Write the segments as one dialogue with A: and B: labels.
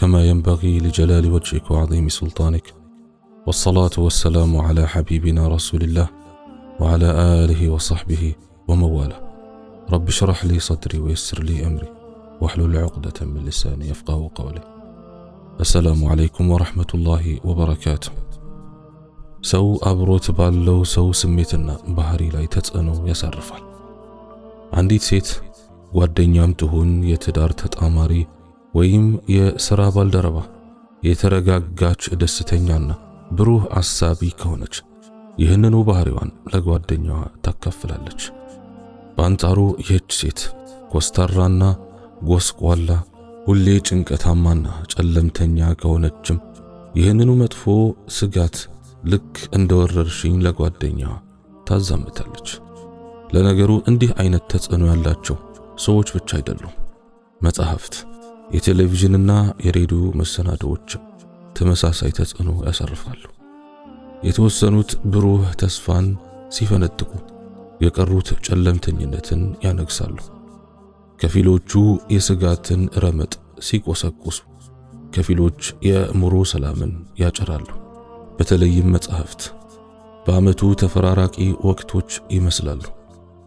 A: كما ينبغي لجلال وجهك وعظيم سلطانك والصلاة والسلام على حبيبنا رسول الله وعلى آله وصحبه ومواله رب اشرح لي صدري ويسر لي أمري واحلل عقدة من لساني يفقه قولي السلام عليكم ورحمة الله وبركاته سو أبروت بالو سو سميتنا بحري لا يتتأنو يسرفال عندي سيت ጓደኛም ትሁን የትዳር ተጣማሪ ወይም የሥራ ባልደረባ የተረጋጋች ደስተኛና ብሩህ አሳቢ ከሆነች ይህንኑ ባህሪዋን ለጓደኛዋ ታካፍላለች። በአንጻሩ ይህች ሴት ኮስታራና ጎስቋላ፣ ሁሌ ጭንቀታማና ጨለምተኛ ከሆነችም ይህንኑ መጥፎ ስጋት ልክ እንደ ወረርሽኝ ለጓደኛዋ ታዛምታለች። ለነገሩ እንዲህ አይነት ተጽዕኖ ያላቸው ሰዎች ብቻ አይደሉም መጻሕፍት የቴሌቪዥንና የሬዲዮ መሰናዶዎችም ተመሳሳይ ተጽዕኖ ያሳርፋሉ። የተወሰኑት ብሩህ ተስፋን ሲፈነጥቁ፣ የቀሩት ጨለምተኝነትን ያነግሳሉ። ከፊሎቹ የስጋትን ረመጥ ሲቆሰቁሱ፣ ከፊሎች የአእምሮ ሰላምን ያጨራሉ። በተለይም መጻሕፍት በዓመቱ ተፈራራቂ ወቅቶች ይመስላሉ።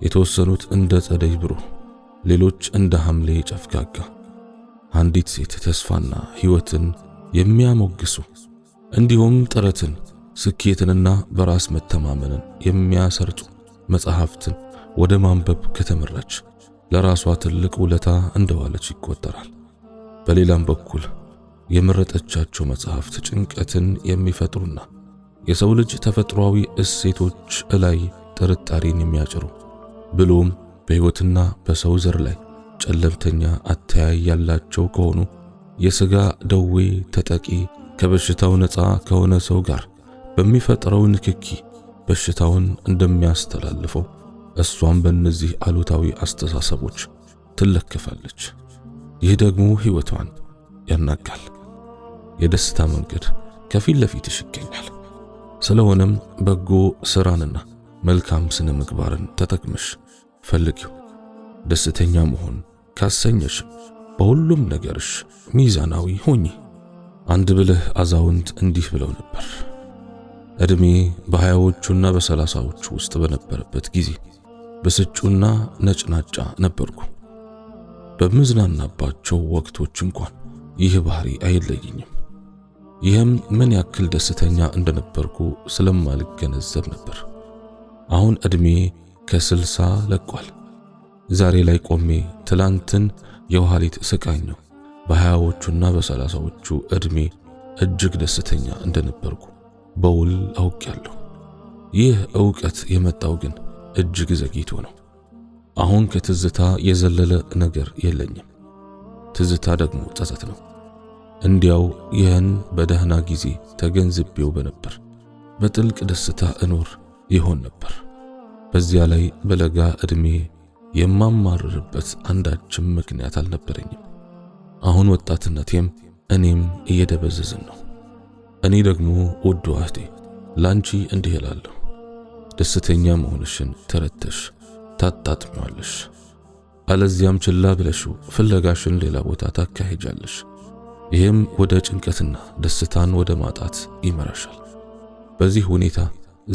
A: የተወሰኑት እንደ ጸደይ ብሩህ፣ ሌሎች እንደ ሐምሌ ጨፍጋጋ አንዲት ሴት ተስፋና ሕይወትን የሚያሞግሱ እንዲሁም ጥረትን፣ ስኬትንና በራስ መተማመንን የሚያሰርጡ መጽሐፍትን ወደ ማንበብ ከተመራች ለራሷ ትልቅ ውለታ እንደዋለች ይቆጠራል። በሌላም በኩል የመረጠቻቸው መጽሐፍት ጭንቀትን የሚፈጥሩና የሰው ልጅ ተፈጥሯዊ እሴቶች ላይ ጥርጣሬን የሚያጭሩ ብሎም በሕይወትና በሰው ዘር ላይ ጨለምተኛ አተያይ ያላቸው ከሆኑ የሥጋ ደዌ ተጠቂ ከበሽታው ነፃ ከሆነ ሰው ጋር በሚፈጥረው ንክኪ በሽታውን እንደሚያስተላልፈው እሷም በእነዚህ አሉታዊ አስተሳሰቦች ትለከፋለች። ይህ ደግሞ ሕይወቷን ያናጋል። የደስታ መንገድ ከፊት ለፊትሽ ይገኛል። ስለሆነም በጎ ስራንና መልካም ስነ ምግባርን ተጠቅመሽ ፈልጊው። ደስተኛ መሆን ካሰኘሽ በሁሉም ነገርሽ ሚዛናዊ ሆኚ። አንድ ብልህ አዛውንት እንዲህ ብለው ነበር። እድሜ በሃያዎቹና በሰላሳዎቹ ውስጥ በነበረበት ጊዜ ብስጩና ነጭናጫ ነበርኩ። በምዝናናባቸው ወቅቶች እንኳን ይህ ባህሪ አይለይኝም። ይህም ምን ያክል ደስተኛ እንደነበርኩ ስለማልገነዘብ ነበር። አሁን እድሜ ከስልሳ ለቋል። ዛሬ ላይ ቆሜ ትላንትን የውሃሊት ስቃኝ ነው። በሀያዎቹና በሰላሳዎቹ ዕድሜ እጅግ ደስተኛ እንደነበርኩ በውል አውቄያለሁ። ይህ እውቀት የመጣው ግን እጅግ ዘግይቶ ነው። አሁን ከትዝታ የዘለለ ነገር የለኝም። ትዝታ ደግሞ ጸጸት ነው። እንዲያው ይህን በደህና ጊዜ ተገንዝቤው በነበር በጥልቅ ደስታ እኖር ይሆን ነበር። በዚያ ላይ በለጋ ዕድሜ የማማርርበት አንዳችም ምክንያት አልነበረኝም። አሁን ወጣትነቴም እኔም እየደበዘዝን ነው። እኔ ደግሞ ውድ እህቴ ላንቺ እንዲህ እላለሁ፣ ደስተኛ መሆንሽን ተረተሽ ታጣጥሚዋለሽ። አለዚያም ችላ ብለሽ ፍለጋሽን ሌላ ቦታ ታካሄጃለሽ። ይህም ወደ ጭንቀትና ደስታን ወደ ማጣት ይመራሻል። በዚህ ሁኔታ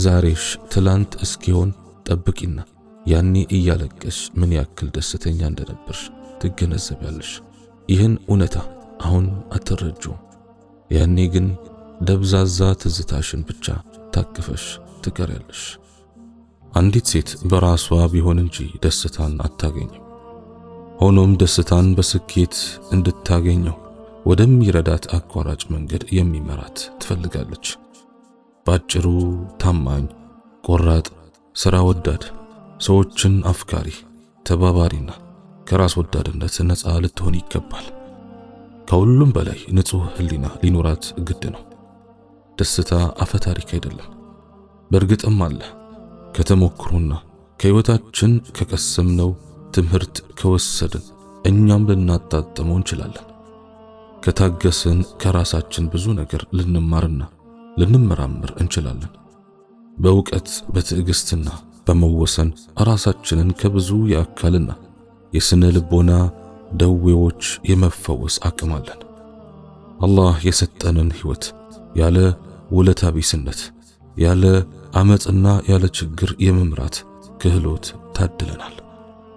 A: ዛሬሽ ትላንት እስኪሆን ጠብቂና ያኔ እያለቀሽ ምን ያክል ደስተኛ እንደነበርሽ ትገነዘቢያለሽ። ይህን እውነታ አሁን አትረጂውም። ያኔ ግን ደብዛዛ ትዝታሽን ብቻ ታቅፈሽ ትቀሪያለሽ። አንዲት ሴት በራሷ ቢሆን እንጂ ደስታን አታገኘም። ሆኖም ደስታን በስኬት እንድታገኘው ወደሚረዳት አቋራጭ መንገድ የሚመራት ትፈልጋለች። ባጭሩ ታማኝ፣ ቆራጥ፣ ስራ ወዳድ ሰዎችን አፍቃሪ፣ ተባባሪና ከራስ ወዳድነት ነፃ ልትሆን ይገባል። ከሁሉም በላይ ንጹሕ ሕሊና ሊኖራት ግድ ነው። ደስታ አፈ ታሪክ አይደለም። በእርግጥም አለ ከተሞክሮና ከሕይወታችን ከቀሰምነው ትምህርት ከወሰድን እኛም ልናጣጥመው እንችላለን። ከታገስን ከራሳችን ብዙ ነገር ልንማርና ልንመራምር እንችላለን። በእውቀት በትዕግስትና በመወሰን ራሳችንን ከብዙ የአካልና የስነ ልቦና ደዌዎች የመፈወስ አቅም አለን። አላህ የሰጠንን ሕይወት ያለ ውለታ ቢስነት፣ ያለ አመፅና ያለ ችግር የመምራት ክህሎት ታድለናል።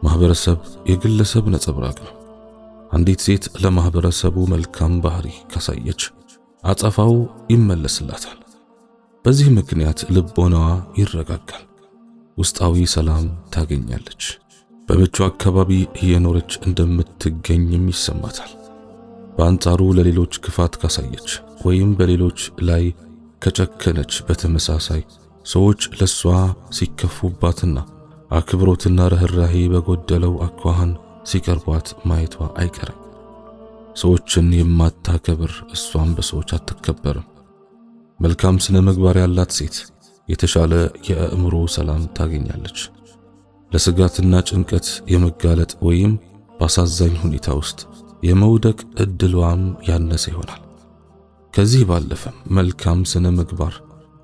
A: ማህበረሰብ የግለሰብ ነጸብራቅ ነው። አንዲት ሴት ለማህበረሰቡ መልካም ባህሪ ካሳየች አጸፋው ይመለስላታል። በዚህ ምክንያት ልቦናዋ ይረጋጋል። ውስጣዊ ሰላም ታገኛለች። በምቹ አካባቢ እየኖረች እንደምትገኝም ይሰማታል። በአንጻሩ ለሌሎች ክፋት ካሳየች ወይም በሌሎች ላይ ከጨከነች፣ በተመሳሳይ ሰዎች ለሷ ሲከፉባትና አክብሮትና ርኅራሄ በጎደለው አኳኋን ሲቀርቧት ማየቷ አይቀርም። ሰዎችን የማታከብር እሷም በሰዎች አትከበርም። መልካም ስነ ምግባር ያላት ሴት የተሻለ የአእምሮ ሰላም ታገኛለች። ለስጋትና ጭንቀት የመጋለጥ ወይም በአሳዛኝ ሁኔታ ውስጥ የመውደቅ እድሏም ያነሰ ይሆናል። ከዚህ ባለፈም መልካም ስነ ምግባር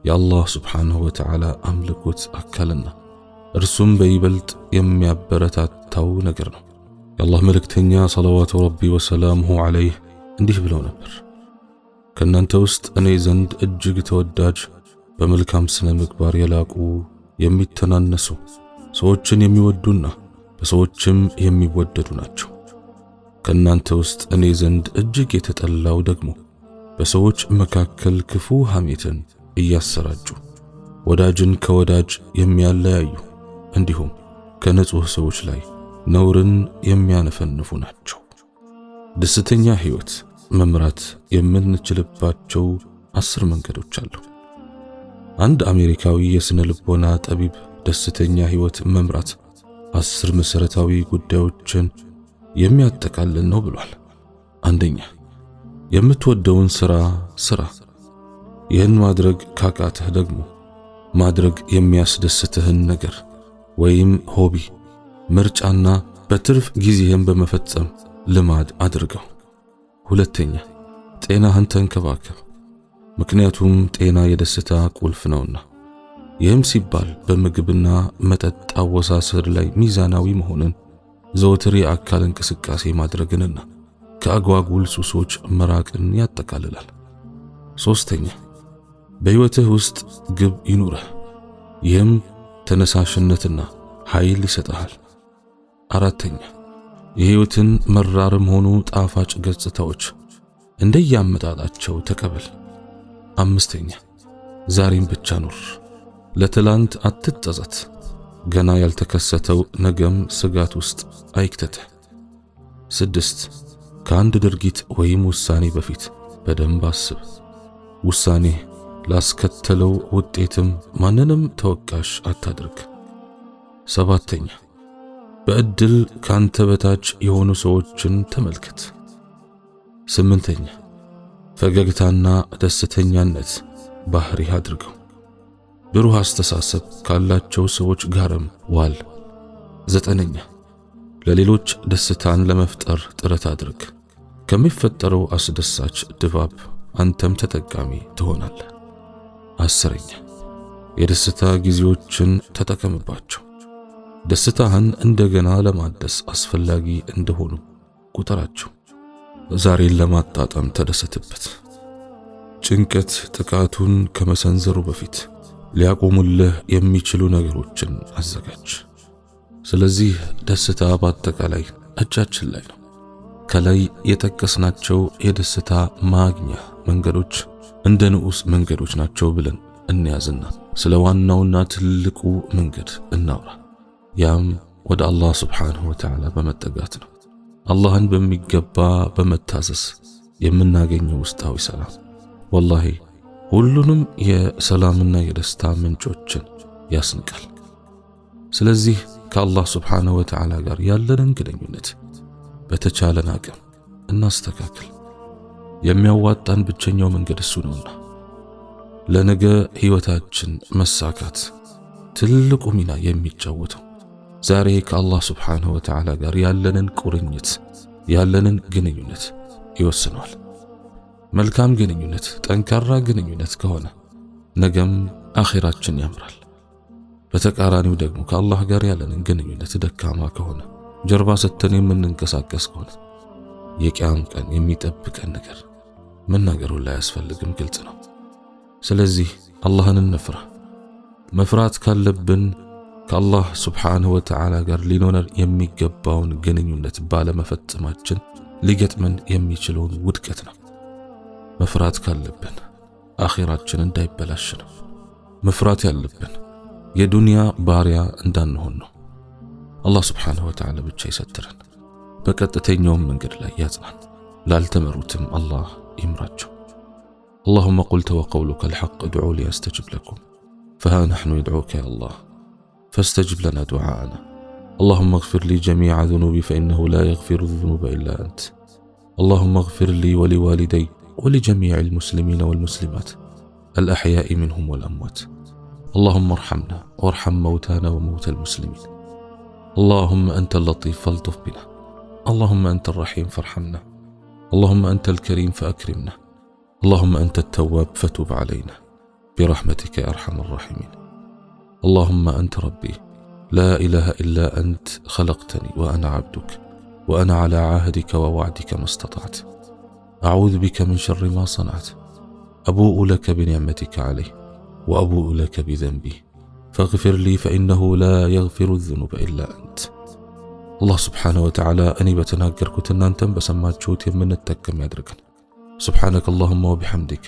A: የአላህ ስብሓንሁ ወተዓላ አምልኮት አካልና እርሱም በይበልጥ የሚያበረታታው ነገር ነው። የአላህ መልእክተኛ ሰለዋቱ ረቢ ወሰላሙሁ ዐለይህ እንዲህ ብለው ነበር፣ ከእናንተ ውስጥ እኔ ዘንድ እጅግ ተወዳጅ በመልካም ስነ ምግባር የላቁ የሚተናነሱ ሰዎችን የሚወዱና በሰዎችም የሚወደዱ ናቸው። ከእናንተ ውስጥ እኔ ዘንድ እጅግ የተጠላው ደግሞ በሰዎች መካከል ክፉ ሐሜትን እያሰራጩ ወዳጅን ከወዳጅ የሚያለያዩ እንዲሁም ከንጹሕ ሰዎች ላይ ነውርን የሚያነፈንፉ ናቸው። ደስተኛ ሕይወት መምራት የምንችልባቸው አስር መንገዶች አሉ። አንድ አሜሪካዊ የሥነ ልቦና ጠቢብ ደስተኛ ሕይወት መምራት አስር መሠረታዊ ጉዳዮችን የሚያጠቃልል ነው ብሏል። አንደኛ፣ የምትወደውን ሥራ ሥራ። ይህን ማድረግ ካቃተህ ደግሞ ማድረግ የሚያስደስትህን ነገር ወይም ሆቢ ምርጫና በትርፍ ጊዜህን በመፈጸም ልማድ አድርገው። ሁለተኛ፣ ጤናህን ተንከባከብ። ምክንያቱም ጤና የደስታ ቁልፍ ነውና። ይህም ሲባል በምግብና መጠጥ አወሳሰድ ላይ ሚዛናዊ መሆንን፣ ዘወትር የአካል እንቅስቃሴ ማድረግንና ከአጓጉል ሱሶች መራቅን ያጠቃልላል። ሶስተኛ፣ በሕይወትህ ውስጥ ግብ ይኑረህ። ይህም ተነሳሽነትና ኃይል ይሰጠሃል። አራተኛ፣ የሕይወትን መራርም ሆኑ ጣፋጭ ገጽታዎች እንደየአመጣጣቸው ተቀበል። አምስተኛ ዛሬም ብቻ ኑር፣ ለትላንት አትጠዘት። ገና ያልተከሰተው ነገም ስጋት ውስጥ አይክተትህ። ስድስት ከአንድ ድርጊት ወይም ውሳኔ በፊት በደንብ አስብ። ውሳኔ ላስከተለው ውጤትም ማንንም ተወቃሽ አታድርግ። ሰባተኛ በእድል ካንተ በታች የሆኑ ሰዎችን ተመልከት። ስምንተኛ ፈገግታና ደስተኛነት ባህሪህ አድርገው። ብሩህ አስተሳሰብ ካላቸው ሰዎች ጋርም ዋል። ዘጠነኛ ለሌሎች ደስታን ለመፍጠር ጥረት አድርግ። ከሚፈጠረው አስደሳች ድባብ አንተም ተጠቃሚ ትሆናለህ። አስረኛ የደስታ ጊዜዎችን ተጠቀምባቸው። ደስታህን እንደገና ለማደስ አስፈላጊ እንደሆኑ ቁጠራቸው። ዛሬን ለማጣጣም ተደሰተበት። ጭንቀት ጥቃቱን ከመሰንዘሩ በፊት ሊያቆሙልህ የሚችሉ ነገሮችን አዘጋጅ። ስለዚህ ደስታ በአጠቃላይ እጃችን ላይ ነው። ከላይ የጠቀስናቸው የደስታ ማግኛ መንገዶች እንደ ንዑስ መንገዶች ናቸው ብለን እንያዝና ስለ ዋናውና ትልቁ መንገድ እናውራ። ያም ወደ አላህ ስብሓንሁ ወተዓላ በመጠጋት ነው። አላህን በሚገባ በመታዘዝ የምናገኘው ውስጣዊ ሰላም። ወላሂ ሁሉንም የሰላምና የደስታ ምንጮችን ያስንቃል። ስለዚህ ከአላህ ስብሓንሁ ወተዓላ ጋር ያለንን ግንኙነት በተቻለን አቅም እናስተካክል። የሚያዋጣን ብቸኛው መንገድ እሱ ነውና ለነገ ሕይወታችን መሳካት ትልቁ ሚና የሚጫወተው ዛሬ ከአላህ ስብሓንሁ ወተዓላ ጋር ያለንን ቁርኝት ያለንን ግንኙነት ይወስነዋል። መልካም ግንኙነት፣ ጠንካራ ግንኙነት ከሆነ ነገም አኼራችን ያምራል። በተቃራኒው ደግሞ ከአላህ ጋር ያለንን ግንኙነት ደካማ ከሆነ ጀርባ ሰተን የምንንቀሳቀስ ከሆነ የቅያም ቀን የሚጠብቀን ነገር መናገሩን ላይ ያስፈልግም ግልጽ ነው። ስለዚህ አላህን እንፍራ። መፍራት ካለብን ከአላህ ስብሓንሁ ወተዓላ ጋር ሊኖረን የሚገባውን ግንኙነት ባለመፈጸማችን ሊገጥመን የሚችለውን ውድቀት ነው። መፍራት ካለብን አኼራችን እንዳይበላሽ ነው። መፍራት ያለብን የዱንያ ባሪያ እንዳንሆን ነው። አላህ ስብሓንሁ ወተዓላ ብቻ ይሰትረን፣ በቀጥተኛውም መንገድ ላይ ያጽናን። ላልተመሩትም አላህ ይምራቸው። አላሁመ ቁልተ ወቀውሉከ አልሐቅ ድዑ ሊያስተጅብ ለኩም ፈሃ ናሕኑ የድዑከ ያ አላህ فاستجب لنا دعاءنا اللهم اغفر لي جميع ذنوبي فإنه لا يغفر الذنوب إلا أنت اللهم اغفر لي ولوالدي ولجميع المسلمين والمسلمات الأحياء منهم والأموات اللهم ارحمنا وارحم موتانا وموتى المسلمين اللهم أنت اللطيف فالطف بنا اللهم أنت الرحيم فارحمنا اللهم أنت الكريم فأكرمنا اللهم أنت التواب فتب علينا برحمتك يا أرحم الراحمين اللهم انت ربي لا اله الا انت خلقتني وانا عبدك وانا على عهدك ووعدك ما استطعت اعوذ بك من شر ما صنعت ابوء لك بنعمتك علي وابوء لك بذنبي فاغفر لي فانه لا يغفر الذنوب الا انت الله سبحانه وتعالى እኔ በተናገርኩት እናንተም من የምንጠቀም يدركن سبحانك اللهم وبحمدك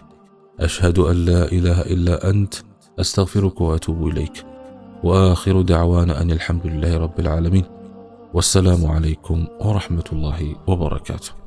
A: أشهد أن لا إله إلا أنت أستغفرك وأتوب إليك وآخر دعوانا أن الحمد لله رب العالمين والسلام عليكم ورحمة الله وبركاته